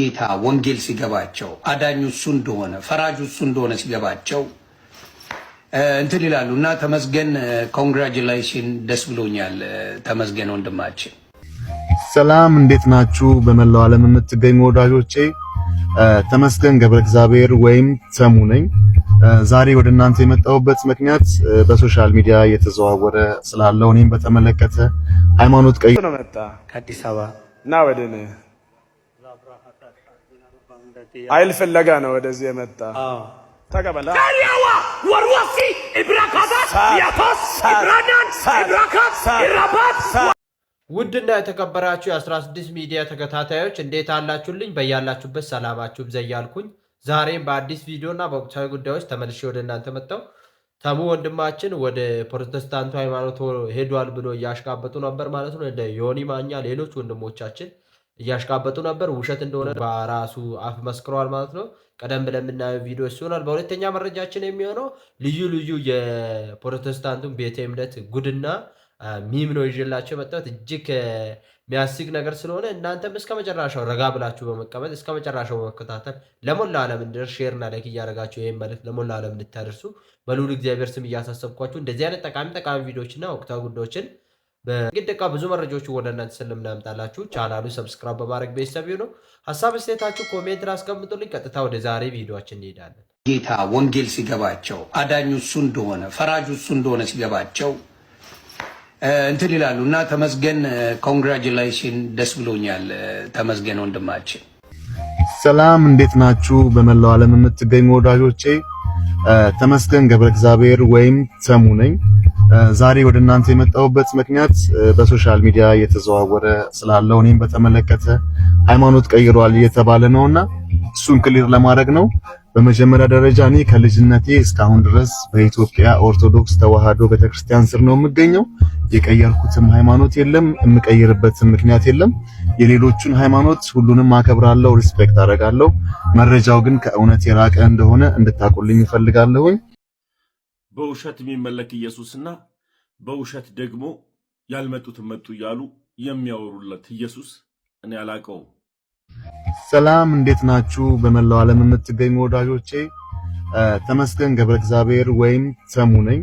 ጌታ ወንጌል ሲገባቸው አዳኙ እሱ እንደሆነ ፈራጁ እሱ እንደሆነ ሲገባቸው እንትን ይላሉ እና ተመስገን ኮንግራጁላሽን ደስ ብሎኛል። ተመስገን ወንድማችን ሰላም፣ እንዴት ናችሁ? በመላው ዓለም የምትገኙ ወዳጆቼ ተመስገን ገብረ እግዚአብሔር ወይም ተሙ ነኝ። ዛሬ ወደ እናንተ የመጣሁበት ምክንያት በሶሻል ሚዲያ እየተዘዋወረ ስላለው እኔም በተመለከተ ሃይማኖት ቀይ ነው መጣ ከአዲስ አበባ እና ወደ አይል ፍለጋ ነው ወደዚህ የመጣ ተቀበላ ታሪያዋ ወርወሲ ኢብራካዳስ ያቶስ ኢብራዳን ኢብራካት ኢራባት ውድና የተከበራችሁ የ16 ሚዲያ ተከታታዮች እንዴት አላችሁልኝ? በያላችሁበት ሰላማችሁ ብዛ ዛሬም በአዲስ ቪዲዮ እና በወቅታዊ ጉዳዮች ተመልሼ ወደ እናንተ መጣሁ። ተሙ ወንድማችን ወደ ፕሮቴስታንቱ ሃይማኖት ሄዷል ብሎ እያሽቃበጡ ነበር ማለት ነው። እንደ ዮኒ ማኛ፣ ሌሎች ወንድሞቻችን እያሽቃበጡ ነበር። ውሸት እንደሆነ በራሱ አፍ መስክሯል ማለት ነው። ቀደም ብለን የምናየው ቪዲዮ ሲሆናል። በሁለተኛ መረጃችን የሚሆነው ልዩ ልዩ የፕሮቴስታንቱን ቤተ እምነት ጉድና ሚም ነው ይዤላቸው የመጣሁት እጅግ የሚያስቅ ነገር ስለሆነ እናንተም እስከ መጨረሻው ረጋ ብላችሁ በመቀመጥ እስከ መጨረሻው በመከታተል ለሞላ ዓለም እንድደርስ ሼርና ላይክ እያደረጋችሁ ይህም መልዕክት ለሞላ ዓለም እንድታደርሱ በልዑል እግዚአብሔር ስም እያሳሰብኳችሁ እንደዚህ አይነት ጠቃሚ ጠቃሚ ቪዲዮዎችና ወቅታዊ ጉዳዮችን በጥቂት ደቂቃ ብዙ መረጃዎች ወደ እናንተ ስለምናምጣላችሁ ቻናሉ ሰብስክራይብ በማድረግ ቤተሰብ ነው። ሀሳብ ስቴታችሁ ኮሜንት አስቀምጡልኝ። ቀጥታ ወደ ዛሬ ቪዲዮችን እንሄዳለን። ጌታ ወንጌል ሲገባቸው አዳኙ እሱ እንደሆነ ፈራጁ እሱ እንደሆነ ሲገባቸው እንትን ይላሉ እና ተመስገን ኮንግራጁላሽን፣ ደስ ብሎኛል ተመስገን ወንድማችን። ሰላም እንዴት ናችሁ? በመላው ዓለም የምትገኙ ወዳጆቼ ተመስገን ገብረ እግዚአብሔር ወይም ተሙ ነኝ። ዛሬ ወደ እናንተ የመጣሁበት ምክንያት በሶሻል ሚዲያ እየተዘዋወረ ስላለው እኔም በተመለከተ ሃይማኖት ቀይሯል እየተባለ ነውና እሱን ክሊር ለማድረግ ነው። በመጀመሪያ ደረጃ እኔ ከልጅነቴ እስካሁን ድረስ በኢትዮጵያ ኦርቶዶክስ ተዋህዶ ቤተክርስቲያን ስር ነው የምገኘው። የቀየርኩትም ሃይማኖት የለም፣ የምቀይርበትም ምክንያት የለም። የሌሎቹን ሃይማኖት ሁሉንም አከብራለሁ፣ ሪስፔክት አደርጋለሁ። መረጃው ግን ከእውነት የራቀ እንደሆነ እንድታቁልኝ እፈልጋለሁኝ። በውሸት የሚመለክ ኢየሱስና በውሸት ደግሞ ያልመጡትን መጡ እያሉ የሚያወሩለት ኢየሱስ እኔ አላቀው ሰላም እንዴት ናችሁ? በመላው ዓለም የምትገኙ ወዳጆቼ ተመስገን ገብረ እግዚአብሔር ወይም ሰሙ ነኝ።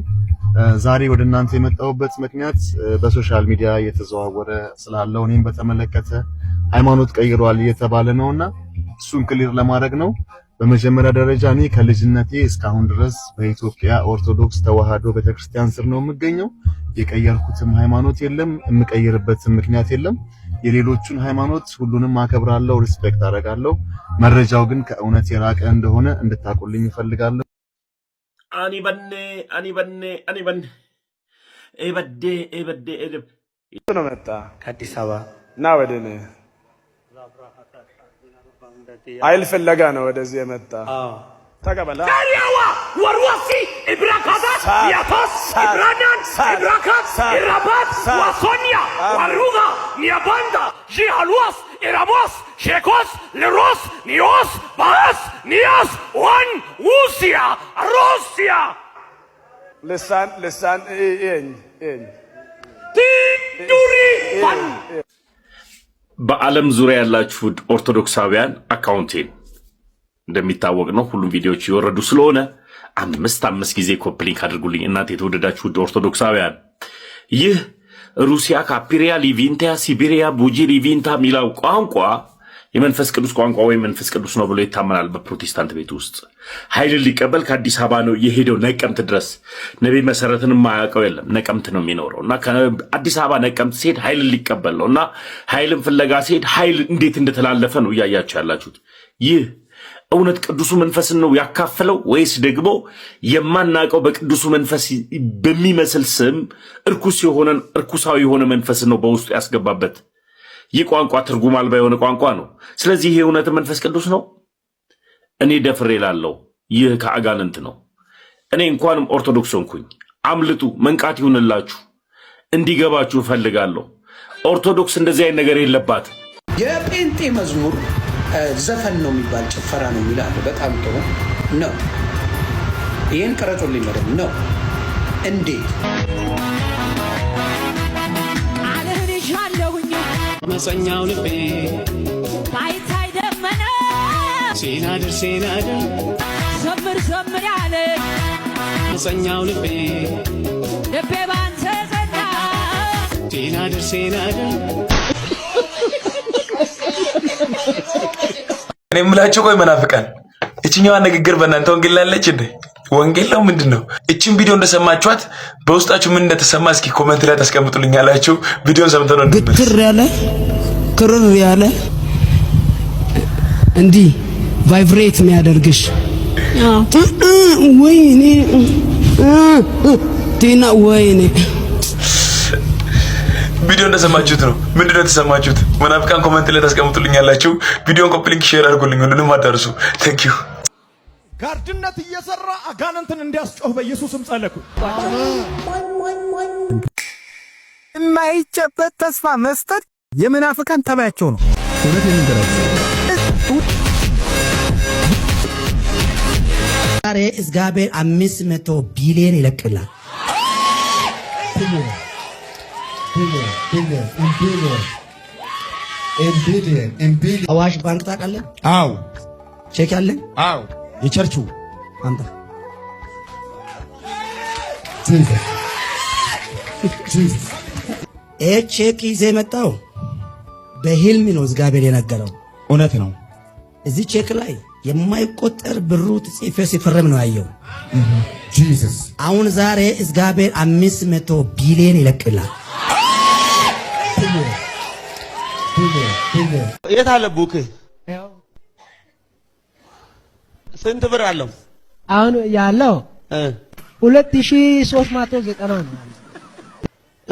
ዛሬ ወደ እናንተ የመጣሁበት ምክንያት በሶሻል ሚዲያ እየተዘዋወረ ስላለው እኔም በተመለከተ ሃይማኖት ቀይሯል እየተባለ ነውና እሱን ክሊር ለማድረግ ነው። በመጀመሪያ ደረጃ እኔ ከልጅነቴ እስካሁን ድረስ በኢትዮጵያ ኦርቶዶክስ ተዋህዶ ቤተክርስቲያን ስር ነው የምገኘው። የቀየርኩትም ሃይማኖት የለም፣ የምቀይርበትም ምክንያት የለም። የሌሎቹን ሃይማኖት ሁሉንም አከብራለሁ፣ ሪስፔክት አደርጋለሁ። መረጃው ግን ከእውነት የራቀ እንደሆነ እንድታቁልኝ እፈልጋለሁ። አኒ በኔ አኒ በኔ አኒ በኔ ኤበዴ ኤበዴ ኤድብ ነው መጣ ከአዲስ አበባ ና ወደ እኔ አይል ፍለጋ ነው ወደዚህ የመጣ ተቀበላ ወርወሲ ኢብራካዳ ያፋስ ኢብራናን ኢብራካ ኢራባት ዋሶኒያ ዋሩጋ ኒያባንዳ ዢሃልዋስ ኢራሞስ ሼኮስ ልሮስ ኒዮስ ባስ ኒያስ ወን ውሲያ ሮሲያ ልሳን ልሳን ቲንዱሪ ፋን በዓለም ዙሪያ ያላችሁ ኦርቶዶክሳውያን አካውንቴን እንደሚታወቅ ነው ሁሉም ቪዲዮዎች የወረዱ ስለሆነ አምስት አምስት ጊዜ ኮፕሊንክ አድርጉልኝ እናንተ የተወደዳችሁ ውድ ኦርቶዶክሳውያን። ይህ ሩሲያ ካፒሪያ ሊቪንታያ ሲቢሪያ ቡጂ ሊቪንታ የሚለው ቋንቋ የመንፈስ ቅዱስ ቋንቋ ወይም መንፈስ ቅዱስ ነው ብሎ ይታመናል። በፕሮቴስታንት ቤት ውስጥ ኃይልን ሊቀበል ከአዲስ አበባ ነው የሄደው ነቀምት ድረስ። ነቢይ መሰረትን የማያውቀው የለም ነቀምት ነው የሚኖረው እና ከአዲስ አበባ ነቀምት ሲሄድ ኃይልን ሊቀበል ነው እና ኃይልን ፍለጋ ሲሄድ ኃይል እንዴት እንደተላለፈ ነው እያያቸው ያላችሁት ይህ እውነት ቅዱሱ መንፈስን ነው ያካፈለው ወይስ ደግሞ የማናውቀው በቅዱሱ መንፈስ በሚመስል ስም እርኩስ የሆነን እርኩሳዊ የሆነ መንፈስን ነው በውስጡ ያስገባበት? ይህ ቋንቋ ትርጉም አልባ የሆነ ቋንቋ ነው። ስለዚህ ይህ እውነት መንፈስ ቅዱስ ነው? እኔ ደፍሬ ላለው ይህ ከአጋንንት ነው። እኔ እንኳንም ኦርቶዶክስ ሆንኩኝ። አምልጡ፣ መንቃት ይሁንላችሁ። እንዲገባችሁ እፈልጋለሁ። ኦርቶዶክስ እንደዚህ አይነት ነገር የለባት። የጴንጤ መዝሙር ዘፈን ነው የሚባል ጭፈራ ነው የሚላሉ። በጣም ጥሩ ነው። ይህን ቅረጹልኝ በደምብ ነው። እንዴት አለህንሻለሁኝ መፀኛው ልቤ ባይታይ ደመነ ሴናድር ሴናድር ዘምር ዘምር ያለ መፀኛው ልቤ ልቤ ባንተ ዘና ሴናድር ሴናድር እኔ የምላቸው ቆይ መናፍቃል እችኛዋ ንግግር በእናንተ ወንጌል ላለች እንዴ? ወንጌል ነው ምንድን ነው? እችን ቪዲዮ እንደሰማችኋት በውስጣችሁ ምን እንደተሰማ እስኪ ኮመንት ላይ ታስቀምጡልኝ። ያላችሁ ቪዲዮን ሰምተ ነው ግትር ያለ ክርር ያለ እንዲህ ቫይብሬት የሚያደርግሽ ወይኔ ቴና ወይኔ ቪዲዮ እንደሰማችሁት ነው ምንድን ነው የተሰማችሁት? መናፍቃን ኮመንት ላይ ታስቀምጡልኝ ያላችሁ ቪዲዮን ኮፒ ሊንክ ሼር አድርጉልኝ፣ ሁሉንም አዳርሱ። ቴንክ ዩ ጋርድነት እየሰራ አጋንንትን እንዲያስጮህ በኢየሱስም ጸለኩ። የማይጨበጥ ተስፋ መስጠት የመናፍቃን ተባያቸው ነው። እውነት የምንገራቸው ዛሬ እግዚአብሔር አምስት መቶ ቢሊዮን ይለቅላል። ቢሊዮን ቢሊዮን ቢሊዮን አዋሽ ባንክ ታውቃለህ? አዎ። ቼክ ያለኝ? አዎ። የቸርቹ አንተ ቼክ ይዘህ የመጣው በህልም ነው እግዚአብሔር የነገረው። እውነት ነው። እዚህ ቼክ ላይ የማይቆጠር ብሩ ጽፌ ሲፈረም ነው ያየው። አሁን ዛሬ እግዚአብሔር አምስት መቶ ቢሊዮን ይለቅላል። የት አለ ቡክህ? ስንት ብር አለው? አሁን ያለው ሁለት ሺህ ሦስት መቶ ዘጠና ነው።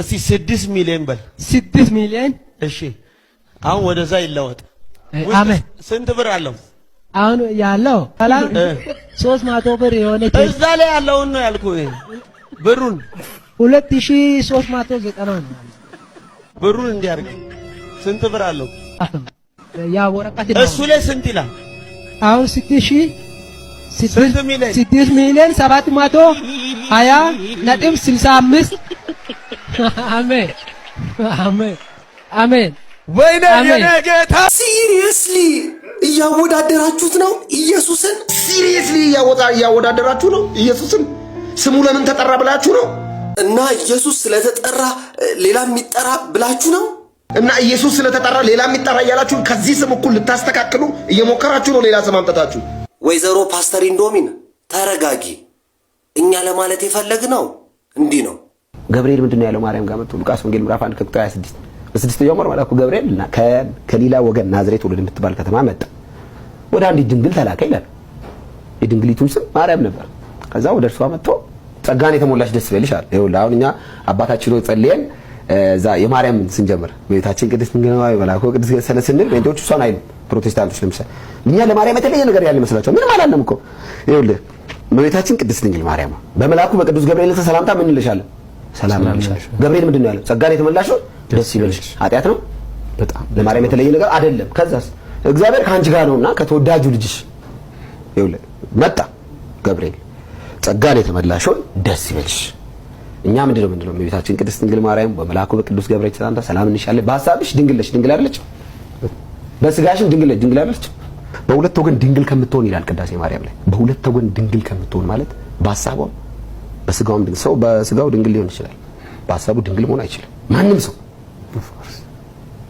እስቲ ስድስት ሚሊዮን በል። ስድስት ሚሊዮን እሺ። አሁን ወደዛ ይለወጥ። አሜን። ስንት ብር አለው? አሁን ያለው ሦስት መቶ ብር የሆነች እዛ ላይ ያለውን ነው ያልኩህ። ብሩን ሁለት ሺህ ሦስት መቶ ዘጠና ነው። ብሩን እንዲያርግ ስንት ብር አለው? ያ ወረቀት እሱ ላይ ስንት ይላል? አሁን ስድስት ሺህ ስድስት ሚሊዮን ሰባት መቶ ሀያ ነጥብ ስልሳ አምስት አሜን አሜን አሜን። ወይኔ የኔ ሲሪየስሊ እያወዳደራችሁት ነው ኢየሱስን። ሲሪየስሊ እያወዳደራችሁ ነው ኢየሱስን። ስሙ ለምን ተጠራ ብላችሁ ነው እና ኢየሱስ ስለተጠራ ሌላ የሚጠራ ብላችሁ ነው እና ኢየሱስ ስለተጠራ ሌላ የሚጠራ እያላችሁ ከዚህ ስም እኩል ልታስተካክሉ እየሞከራችሁ ነው። ሌላ ስም አምጠታችሁ። ወይዘሮ ፓስተር ኢንዶሚን ተረጋጊ። እኛ ለማለት የፈለግ ነው እንዲህ ነው። ገብርኤል ምንድን ነው ያለው? ማርያም ጋር መጥቶ ሉቃስ ወንጌል ምዕራፍ 1 ቁጥር 26 በስድስተኛው ወር መልአኩ ገብርኤል ከሌላ ወገን ናዝሬት ወደ የምትባል ከተማ መጣ፣ ወደ አንዲት ድንግል ተላከ ይላል። የድንግሊቱም ስም ማርያም ነበር። ከዛ ወደ እርሷ መጥቶ ጸጋን የተሞላች ደስ ይበልሽ አለ። ይኸውልህ አሁን እኛ አባታችን ሆይ ጸልየን የማርያም ስንጀምር ቤታችን ቅድስት ድንግል ማርያም መላኩ ቅድስት ገሰለ ስንል ጴንጤዎች እሷን አይሉም። ፕሮቴስታንቶች ለምሳሌ እኛ ለማርያም የተለየ ነገር ያለ መስላቸው ምንም አላለም እኮ ይኸውልህ በቤታችን ቅድስት ድንግል ማርያም በመልአኩ በቅዱስ ገብርኤል ሰላምታ ምን እንልሻለን? ሰላም እንልሻለን። ገብርኤል ምንድን ነው ያለው? ጸጋን የተመላሽ ደስ ይበልሽ። ኃጢአት ነው በጣም ለማርያም የተለየ ነገር አይደለም። ከዛስ እግዚአብሔር ከአንቺ ጋር ነውና ከተወዳጁ ልጅሽ ይኸውልህ መጣ ገብርኤል ጸጋን የተመላሽ ደስ ይበልሽ እኛ ምንድነው ምንድነው እመቤታችን ቅድስት ድንግል ማርያም በመልአኩ በቅዱስ ገብርኤል ተሳንታ ሰላም እንሻለን። በሀሳብሽ ድንግል ነሽ፣ ድንግል አይደለችም። በስጋሽም ድንግል ነሽ፣ ድንግል አይደለችም። በሁለት ወገን ድንግል ከምትሆን ይላል ቅዳሴ ማርያም ላይ። በሁለት ወገን ድንግል ከምትሆን ማለት በሀሳቧም በስጋውም ድንግል። ሰው በስጋው ድንግል ሊሆን ይችላል፣ በሀሳቡ ድንግል መሆን አይችልም። ማንም ሰው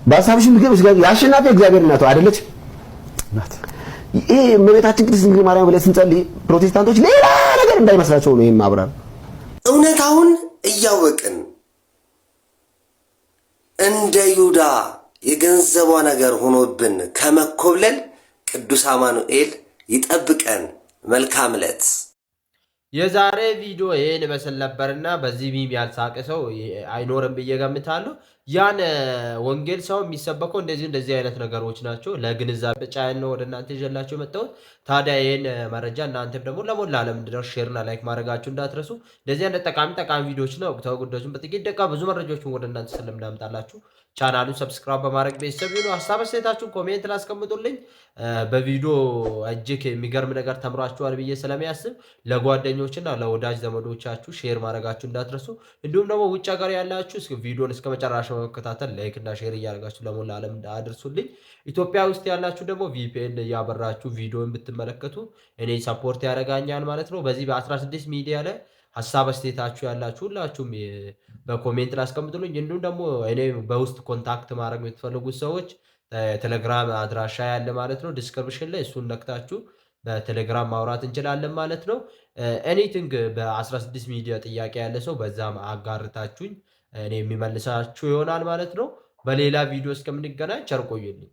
በሀሳብሽ ምገብ ስጋው የአሸናፊ እግዚአብሔር እናቱ አይደለች ናት። ይሄ እመቤታችን ቅድስት ድንግል ማርያም ብለን ስንጸልይ ፕሮቴስታንቶች ሌላ ነገር እንዳይመስላቸው ነው። ይሄን አብራራ እውነታውን እያወቅን እንደ ይሁዳ የገንዘቧ ነገር ሆኖብን ከመኮብለል ቅዱስ አማኑኤል ይጠብቀን። መልካም ዕለት። የዛሬ ቪዲዮ ይህን ይመስል ነበርና በዚህ ሚም ያልሳቀ ሰው አይኖርም ብዬ ገምታለሁ። ያን ወንጌል ሰው የሚሰበከው እንደዚህ እንደዚህ አይነት ነገሮች ናቸው። ለግንዛቤ ጫያን ነው ወደ እናንተ ይዤላችሁ መጣሁት። ታዲያ ይህን መረጃ እናንተም ደግሞ ለሞላ ዓለም እንዲደርስ ሼርና ላይክ ማድረጋችሁ እንዳትረሱ። እንደዚህ አይነት ጠቃሚ ጠቃሚ ቪዲዮዎችና ወቅታዊ ጉዳዮችን በጥቂት ደቂቃ ብዙ መረጃዎችን ወደ እናንተ ስለምናምጣላችሁ ቻናሉን ሰብስክራይብ በማድረግ ቤተሰብ ይሁኑ። ሀሳብ አስተያየታችሁን ኮሜንት ላይ አስቀምጡልኝ። በቪዲዮ እጅግ የሚገርም ነገር ተምራችኋል ብዬ ስለሚያስብ ለጓደኞችና ለወዳጅ ዘመዶቻችሁ ሼር ማድረጋችሁ እንዳትረሱ። እንዲሁም ደግሞ ውጭ ሀገር ያላችሁ ቪዲዮን እስከ መጨረሻ በመከታተል ላይክ እና ሼር እያደረጋችሁ ለሞላ ዓለም አድርሱልኝ። ኢትዮጵያ ውስጥ ያላችሁ ደግሞ ቪፒኤን እያበራችሁ ቪዲዮን ብትመለከቱ እኔ ሰፖርት ያደረጋኛል ማለት ነው። በዚህ በ16 ሚዲያ ላይ ሀሳብ አስተያየታችሁ ያላችሁ ሁላችሁም በኮሜንት ላይ እንዲሁም ደግሞ እኔ በውስጥ ኮንታክት ማድረግ የምትፈልጉት ሰዎች ቴሌግራም አድራሻ ያለ ማለት ነው ዲስክሪፕሽን ላይ እሱን ነክታችሁ በቴሌግራም ማውራት እንችላለን ማለት ነው። ኤኒቲንግ በ16 ሚዲያ ጥያቄ ያለ ሰው በዛም አጋርታችሁኝ እኔ የሚመልሳችሁ ይሆናል ማለት ነው። በሌላ ቪዲዮ እስከምንገናኝ ቸር ቆዩልኝ።